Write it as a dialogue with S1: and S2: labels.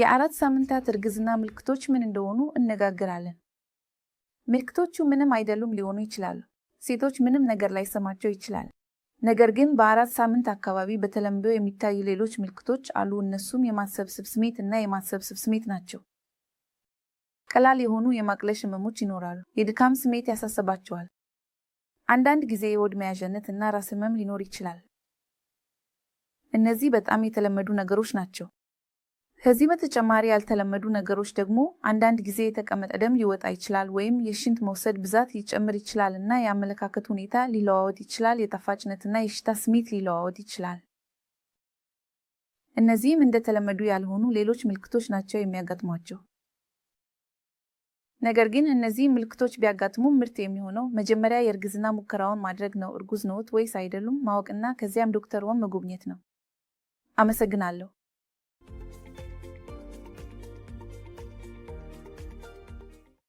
S1: የአራት ሳምንታት እርግዝና ምልክቶች ምን እንደሆኑ እነጋገራለን። ምልክቶቹ ምንም አይደሉም ሊሆኑ ይችላሉ። ሴቶች ምንም ነገር ላይሰማቸው ይችላል። ነገር ግን በአራት ሳምንት አካባቢ በተለምዶ የሚታዩ ሌሎች ምልክቶች አሉ። እነሱም የማሰብሰብ ስሜት እና የማሰብሰብ ስሜት ናቸው። ቀላል የሆኑ የማቅለሽ ህመሞች ይኖራሉ። የድካም ስሜት ያሳሰባቸዋል። አንዳንድ ጊዜ የሆድ መያዣነት እና ራስ ህመም ሊኖር ይችላል። እነዚህ በጣም የተለመዱ ነገሮች ናቸው። ከዚህ በተጨማሪ ያልተለመዱ ነገሮች ደግሞ አንዳንድ ጊዜ የተቀመጠ ደም ሊወጣ ይችላል ወይም የሽንት መውሰድ ብዛት ሊጨምር ይችላል እና የአመለካከት ሁኔታ ሊለዋወጥ ይችላል። የጣፋጭነትና የሽታ ስሜት ሊለዋወጥ ይችላል። እነዚህም እንደተለመዱ ያልሆኑ ሌሎች ምልክቶች ናቸው የሚያጋጥሟቸው። ነገር ግን እነዚህ ምልክቶች ቢያጋጥሙ ምርት የሚሆነው መጀመሪያ የእርግዝና ሙከራውን ማድረግ ነው። እርጉዝ ነዎት ወይስ አይደሉም ማወቅና ከዚያም ዶክተርዎን መጎብኘት ነው። አመሰግናለሁ።